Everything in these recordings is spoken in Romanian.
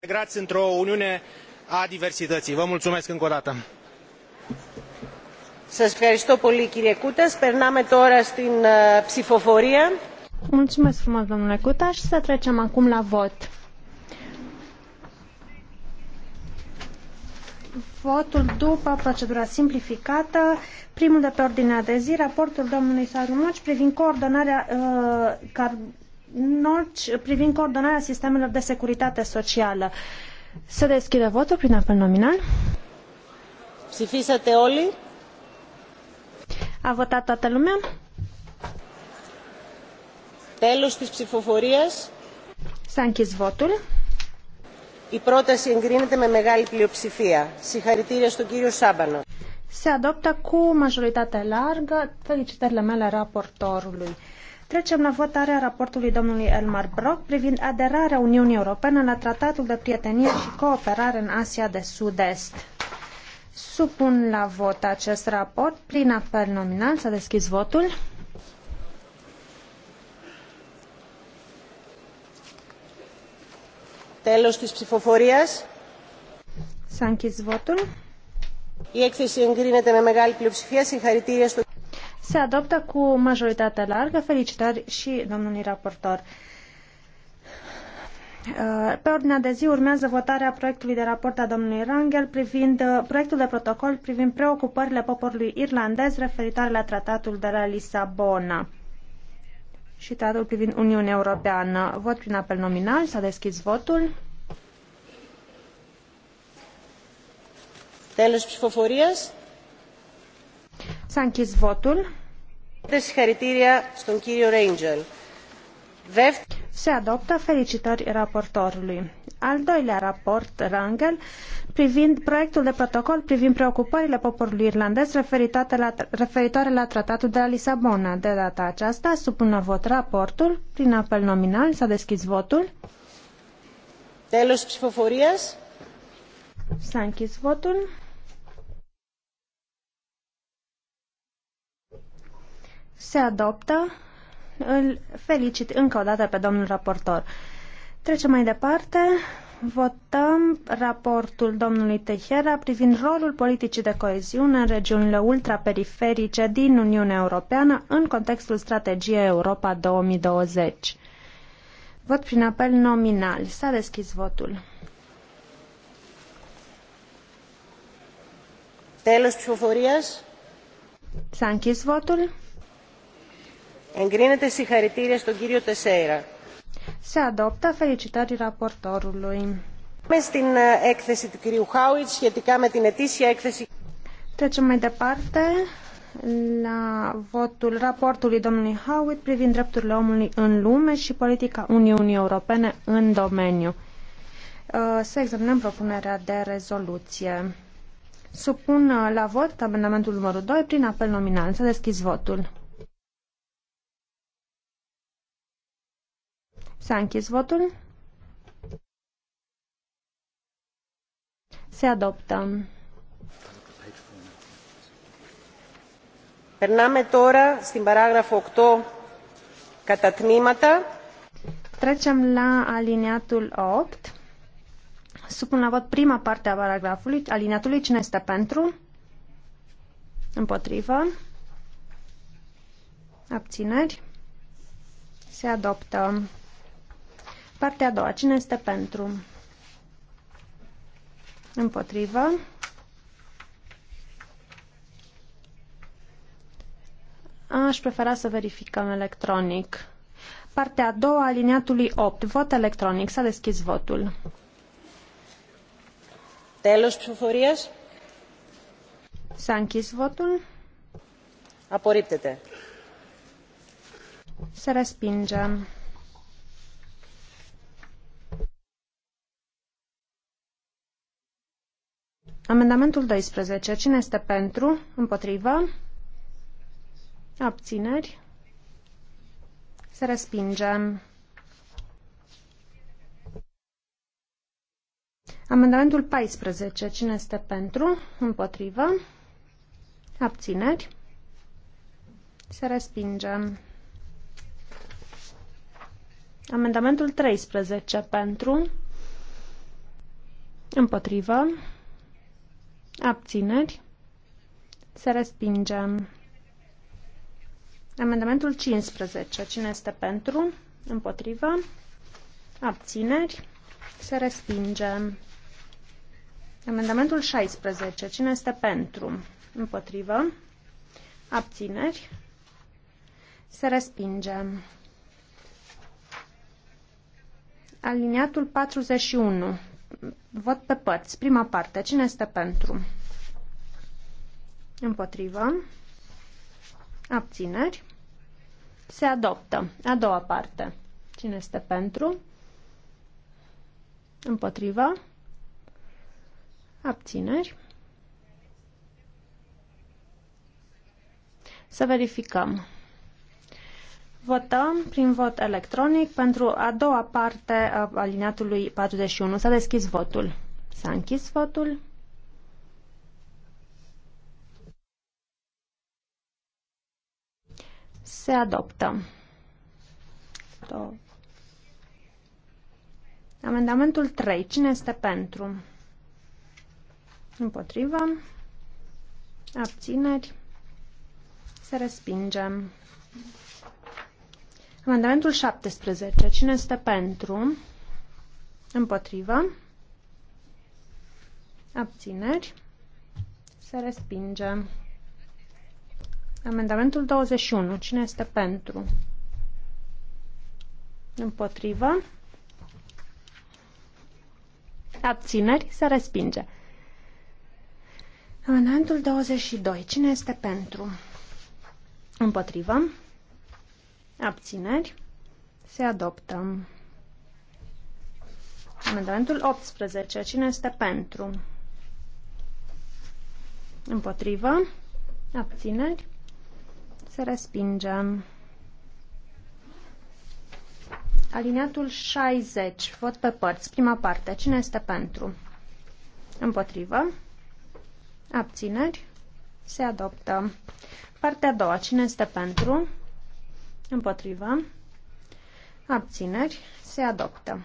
integrați într o uniune a diversității. Vă mulțumesc încă o dată. Σας ευχαριστώ πολύ κύριε Κούτας. Περνάμε τώρα στην ψηφοφορία. Mulțumesc frumos, domnule și Să trecem acum la vot. Votul după procedura simplificată, primul de pe ordinea de zi, raportul domnului Sarumuci privind coordonarea uh, norci privind coordonarea sistemelor de securitate socială. Să deschidă votul prin apel nominal. Ψηφίσατε όλοι. A votat toată lumea. Τέλος της ψηφοφορίας. S-a închis votul. Η πρόταση εγκρίνεται με μεγάλη πλειοψηφία. Συγχαρητήρια στον κύριο Σάμπανο. Se adoptă cu majoritate largă. Felicitările mele raportorului. Trecem la votarea raportului domnului Elmar Brock privind aderarea Uniunii Europene la Tratatul de Prietenie și Cooperare în Asia de Sud-Est. Supun la vot acest raport prin apel nominal. S-a deschis votul. Τέλος της ψηφοφορίας. S-a închis votul. Η έκθεση εγκρίνεται με μεγάλη πλειοψηφία. Συγχαρητήρια στο se adoptă cu majoritate largă. Felicitări și domnului raportor. Uh, pe ordinea de zi urmează votarea proiectului de raport a domnului Rangel privind uh, proiectul de protocol privind preocupările poporului irlandez referitoare la tratatul de la Lisabona și tratatul privind Uniunea Europeană. Vot prin apel nominal. S-a deschis votul. Τέλος ψηφοφορίας. S-a închis votul. Se adoptă felicitări raportorului. Al doilea raport, Rangel, privind proiectul de protocol privind preocupările poporului irlandez referitoare la tratatul de la Lisabona. De data aceasta, supun la vot raportul. Prin apel nominal s-a deschis votul. Telos ψηφοφορίας. S-a închis votul. Se adoptă. Îl felicit încă o dată pe domnul raportor. Trecem mai departe. Votăm raportul domnului Tehera privind rolul politicii de coeziune în regiunile ultraperiferice din Uniunea Europeană în contextul strategiei Europa 2020. Vot prin apel nominal. S-a deschis votul. S-a închis votul. Εγκρίνεται συγχαρητήρια στον κύριο Τεσέιρα. Se adoptă felicitări raportorului. Στην έκθεση του κυρίου Χάουιτ σχετικά με την ετήσια έκθεση. Trecem mai departe la votul raportului domnului Howitt privind drepturile omului în lume și politica Uniunii Europene în domeniu. Uh, să examinăm propunerea de rezoluție. Supun uh, la vot amendamentul numărul 2 prin apel nominal. Să deschis votul. S-a închis votul. Se adoptă. Περνάμε τώρα στην παράγραφο 8 κατά τμήματα. Trecem la aliniatul 8. Supun la vot prima parte a paragrafului. Aliniatului cine este pentru? Împotrivă. Abțineri. Se adoptă. Partea a doua. Cine este pentru? Împotrivă. Aș prefera să verificăm electronic. Partea a doua aliniatului 8. Vot electronic. S-a deschis votul. Telos psuforias? S-a închis votul. Aporiptete. Se respinge. Amendamentul 12. Cine este pentru? Împotrivă? Abțineri? Se respinge. Amendamentul 14. Cine este pentru? Împotrivă? Abțineri? Se respinge. Amendamentul 13. Pentru? Împotrivă? Abțineri. Se respinge. Amendamentul 15. Cine este pentru? Împotrivă. Abțineri. Se respinge. Amendamentul 16. Cine este pentru? Împotrivă. Abțineri. Se respinge. Aliniatul 41. Vot pe părți. Prima parte. Cine este pentru? Împotrivă. Abțineri. Se adoptă. A doua parte. Cine este pentru? Împotrivă. Abțineri. Să verificăm. Votăm prin vot electronic pentru a doua parte a aliniatului 41. S-a deschis votul. S-a închis votul. Se adoptă. Două. Amendamentul 3. Cine este pentru? Împotrivă. Abțineri. Se you. Amendamentul 17. Cine este pentru? Împotrivă. Abțineri. Se respinge. Amendamentul 21. Cine este pentru? Împotrivă. Abțineri. Se respinge. Amendamentul 22. Cine este pentru? Împotrivă. Abțineri. Se adoptă. Amendamentul 18. Cine este pentru? Împotrivă. Abțineri. Se respinge. Alineatul 60. Vot pe părți. Prima parte. Cine este pentru? Împotrivă. Abțineri. Se adoptă. Partea a doua. Cine este pentru? Împotriva. Abțineri. Se adoptă.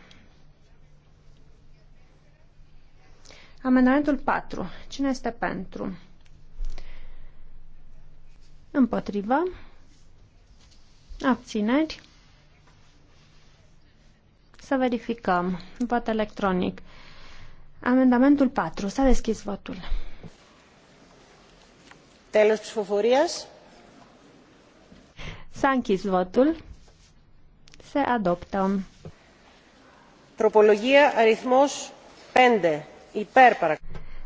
Amendamentul 4. Cine este pentru? Împotriva. Abțineri. Să verificăm. Vot electronic. Amendamentul 4. S-a deschis votul. Τέλος ψηφοφορίας. S-a închis votul. Se adoptă. Tropologia aritmos pende, Iper, para...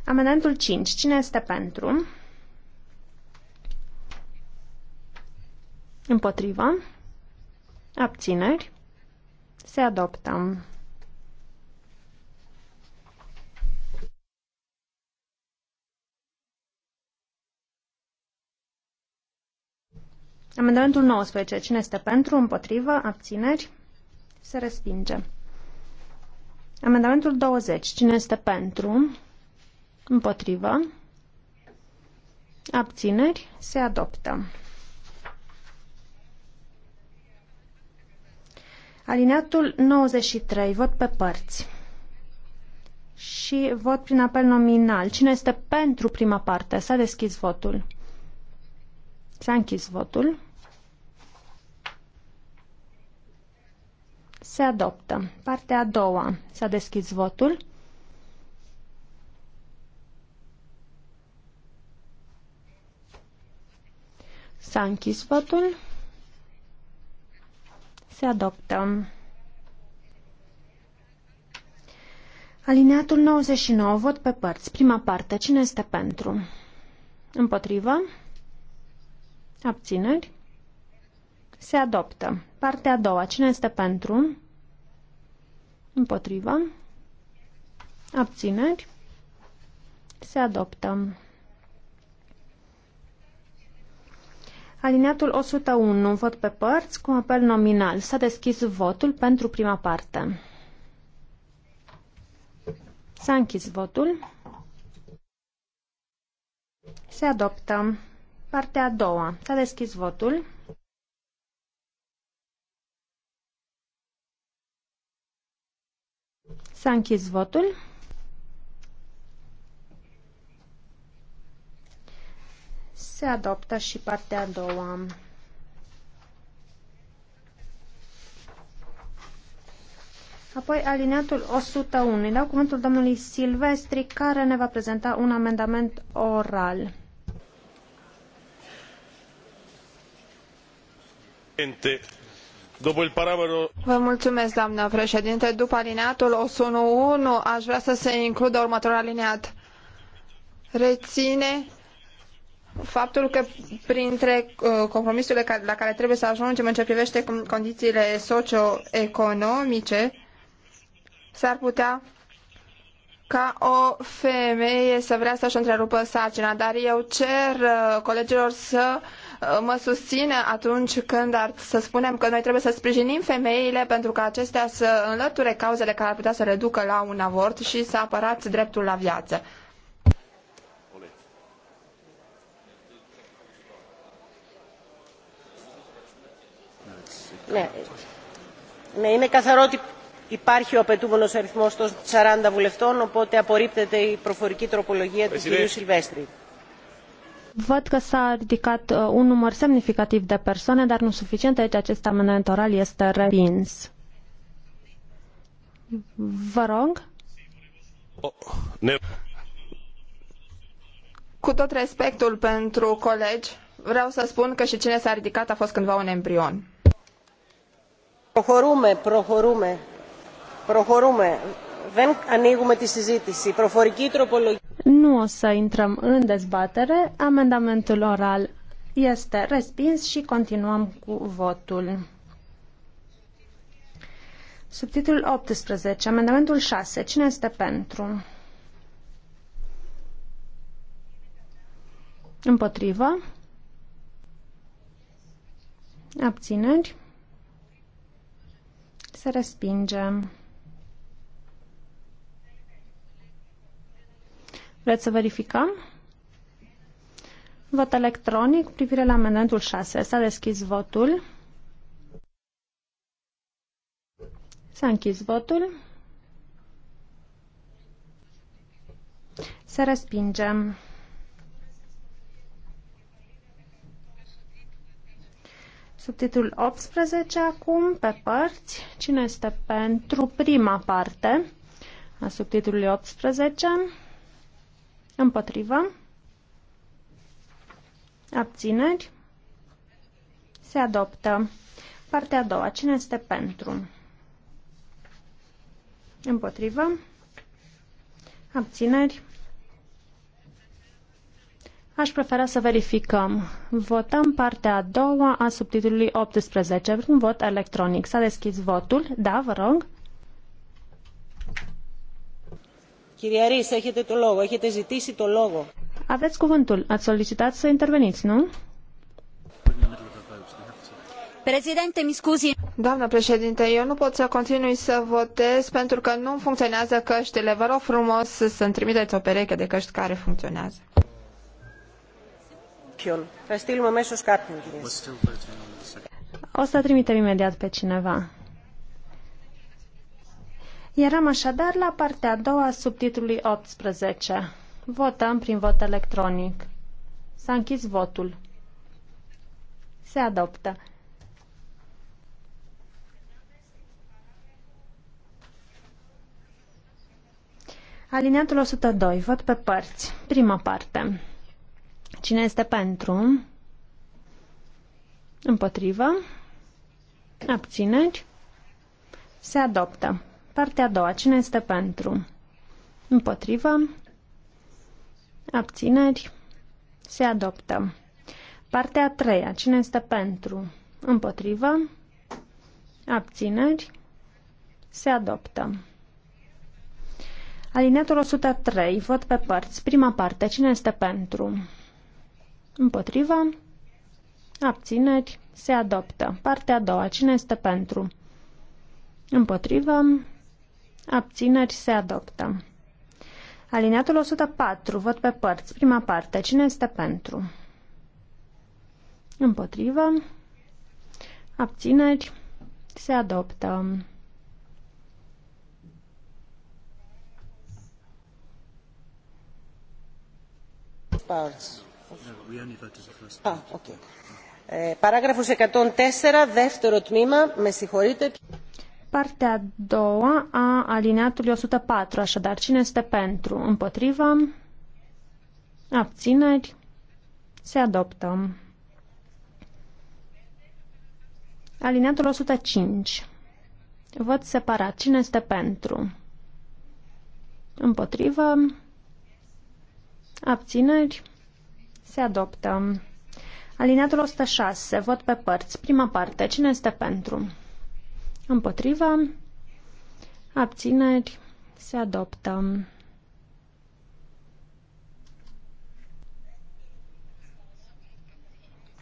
Amendamentul 5. Cine este pentru? Împotrivă. Abțineri. Se adoptă. Amendamentul 19. Cine este pentru? Împotrivă? Abțineri? Se respinge. Amendamentul 20. Cine este pentru? Împotrivă? Abțineri? Se adoptă. Alineatul 93. Vot pe părți. Și vot prin apel nominal. Cine este pentru prima parte? S-a deschis votul. S-a închis votul. Se adoptă. Partea a doua. S-a deschis votul. S-a închis votul. Se adoptă. Alineatul 99, vot pe părți. Prima parte, cine este pentru? Împotrivă? Abțineri? Se adoptă. Partea a doua, cine este pentru? Împotrivă. Abțineri. Se adoptă. Alineatul 101, vot pe părți, cu apel nominal. S-a deschis votul pentru prima parte. S-a închis votul. Se adoptă. Partea a doua. S-a deschis votul. S-a închis votul. Se adoptă și partea a doua. Apoi alineatul 101. Îi dau cuvântul domnului Silvestri, care ne va prezenta un amendament oral. Vă mulțumesc, doamnă președinte. După alineatul 101, aș vrea să se includă următorul alineat. Reține faptul că printre uh, compromisurile la care trebuie să ajungem în ceea ce privește condițiile socioeconomice, s-ar putea ca o femeie să vrea să-și întrerupă sarcina, dar eu cer uh, colegilor să uh, mă susțină atunci când ar, să spunem că noi trebuie să sprijinim femeile pentru ca acestea să înlăture cauzele care ar putea să reducă la un avort și să apărați dreptul la viață. Ναι. είναι καθαρό ότι υπάρχει ο απαιτούμενος αριθμός των 40 βουλευτών, οπότε απορρίπτεται η προφορική τροπολογία Presidente. του κ. Σιλβέστρη. Văd că s-a ridicat un număr semnificativ de persoane, dar nu suficient, deci acest amendament oral este respins. Vă rog. Cu tot respectul pentru colegi, vreau să spun că și cine s-a ridicat a fost cândva un embrion. Prohorume, prohorume. Προχωρούμε. Δεν ανοίγουμε τη συζήτηση. Προφορική τροπολογία. Nu o să intrăm în dezbatere. Amendamentul oral este respins și continuăm cu votul. Subtitlul 18. Amendamentul 6. Cine este pentru? Împotrivă. Abțineri. Se respinge. Vreți să verificăm? Vot electronic privire la amendamentul 6. S-a deschis votul. S-a închis votul. Se respinge. Subtitul 18 acum, pe părți. Cine este pentru prima parte a subtitlului 18? Împotrivă. Abțineri. Se adoptă. Partea a doua. Cine este pentru? Împotrivă. Abțineri. Aș prefera să verificăm. Votăm partea a doua a subtitlului 18. Un vot electronic. S-a deschis votul. Da, vă rog. Κυρία Ρίσ, έχετε το λόγο. Έχετε ζητήσει το λόγο. Aveți cuvântul. Ați solicitat să interveniți, nu? Președinte, mi scuzi. Doamnă președinte, eu nu pot să continui să votez pentru că nu funcționează căștile. Vă rog frumos să-mi trimiteți o pereche de căști care funcționează. O să trimitem imediat pe cineva. Eram așadar la partea a doua subtitlului 18. Votăm prin vot electronic. S-a închis votul. Se adoptă. Alineatul 102. Vot pe părți. Prima parte. Cine este pentru? Împotrivă. Abțineri. Se adoptă. Partea a doua. Cine este pentru? Împotrivă. Abțineri. Se adoptă. Partea a treia. Cine este pentru? Împotrivă. Abțineri. Se adoptă. Alineatul 103. Vot pe părți. Prima parte. Cine este pentru? Împotrivă. Abțineri. Se adoptă. Partea a doua. Cine este pentru? Împotrivă. Abțineri se adoptă. Alineatul 104. văd pe părți. Prima parte. Cine este pentru? Împotrivă. Abțineri se adoptă. Parts. Παράγραφος 104, δεύτερο τμήμα, με συγχωρείτε. Partea a doua a alineatului 104, așadar cine este pentru? Împotrivă? Abțineri? Se adoptă. Alineatul 105. Văd separat. Cine este pentru? Împotrivă? Abțineri? Se adoptă. Alineatul 106. văd pe părți. Prima parte. Cine este pentru? Împotrivă. Abțineri. Se adoptă.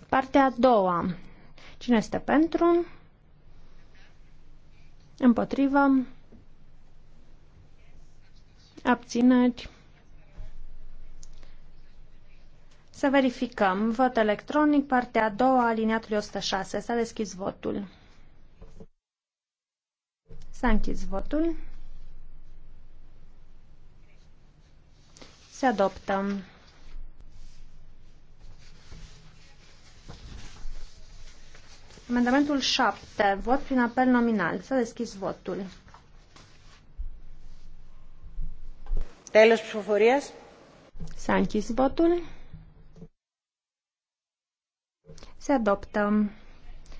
Partea a doua. Cine este pentru? Împotrivă. Abțineri. Să verificăm. Vot electronic, partea a doua, aliniatului 106. S-a deschis votul. S-a închis votul. Se adoptă. Amendamentul 7. Vot prin apel nominal. S-a deschis votul. Τέλος ψηφοφορίας. S-a închis votul. Se adoptă.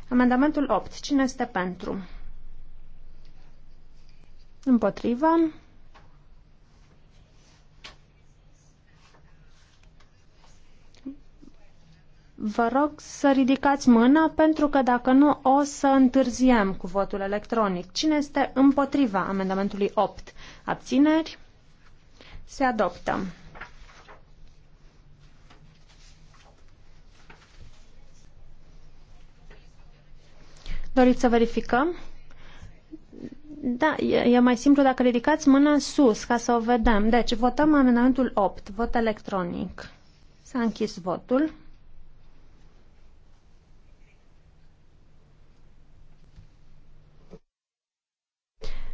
Amendamentul 8. Cine este pentru? Împotriva. Vă rog să ridicați mâna pentru că dacă nu o să întârziem cu votul electronic. Cine este împotriva amendamentului 8? Abțineri? Se adoptă. Doriți să verificăm? Da, e, e mai simplu dacă ridicați mâna sus ca să o vedem. Deci, votăm amendamentul 8, vot electronic. S-a închis votul.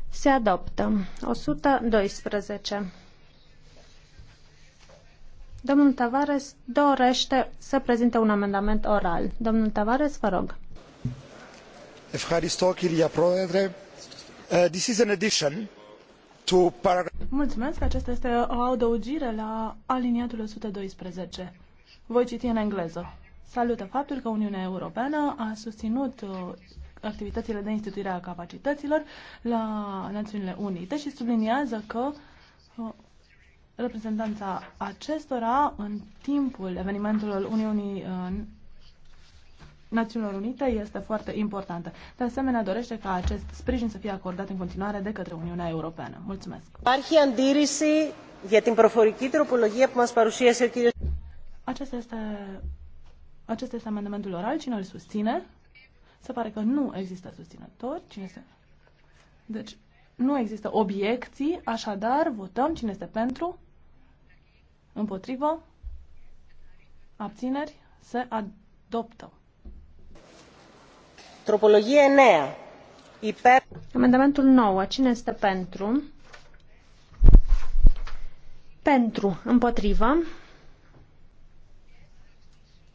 Se adoptă. 112. Domnul Tavares dorește să prezinte un amendament oral. Domnul Tavares, vă rog. Ευχαριστώ, κυρία Πρόεδρε. Uh, this is an aceasta este o adăugire la aliniatul 112. Voi citi în engleză. Salută faptul că Uniunea Europeană a susținut uh, activitățile de instituire a capacităților la Națiunile Unite și subliniază că uh, reprezentanța acestora în timpul evenimentelor Uniunii Națiunilor Unite este foarte importantă. De asemenea, dorește ca acest sprijin să fie acordat în continuare de către Uniunea Europeană. Mulțumesc. Acesta este, acesta este amendamentul oral. Cine îl susține? Se pare că nu există susținători. Cine este? Deci, nu există obiecții, așadar votăm cine este pentru, împotrivă, abțineri, se adoptă. Τροπολογία 9. Υπέρ... Amendamentul 9. Cine este pentru? Pentru. Împotrivă.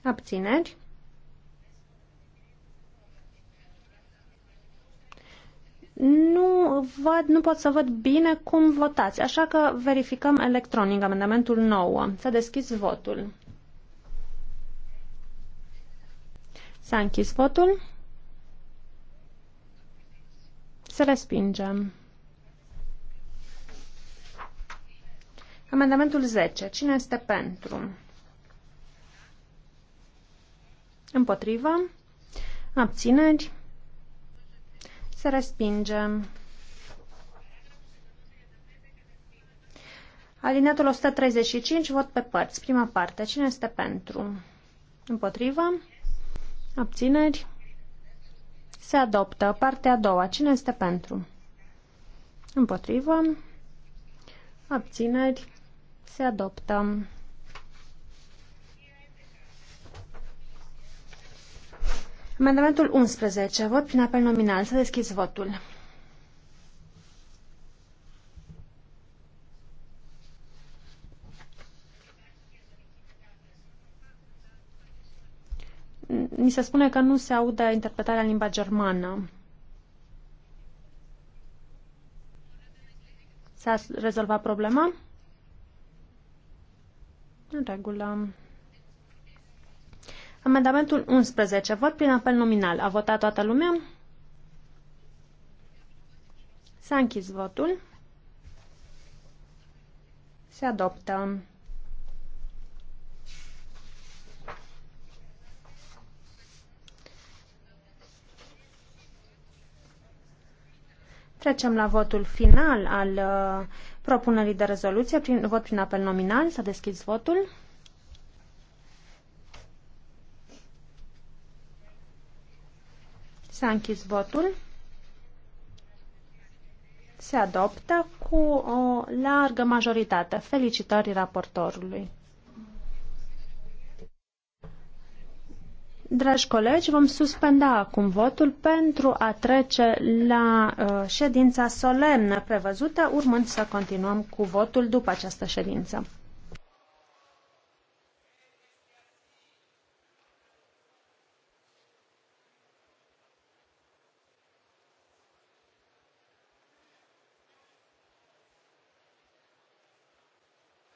Abțineri. Nu văd, nu pot să văd bine cum votați, așa că verificăm electronic amendamentul 9. S-a deschis votul. S-a închis votul. Să respingem. Amendamentul 10. Cine este pentru? Împotrivă. Abțineri. Să respingem. Alineatul 135, vot pe părți. Prima parte. Cine este pentru? Împotrivă? Abțineri? Se adoptă. Partea a doua. Cine este pentru? Împotrivă. Abțineri. Se adoptă. Amendamentul 11. Vot prin apel nominal. Să deschizi votul. mi se spune că nu se aude interpretarea în limba germană. S-a rezolvat problema? În regulă. Amendamentul 11. Vot prin apel nominal. A votat toată lumea? S-a închis votul. Se adoptă. Trecem la votul final al uh, propunerii de rezoluție. Prin, vot prin apel nominal. S-a deschis votul. S-a închis votul. Se adoptă cu o largă majoritate. Felicitări raportorului. Dragi colegi, vom suspenda acum votul pentru a trece la uh, ședința solemnă prevăzută, urmând să continuăm cu votul după această ședință.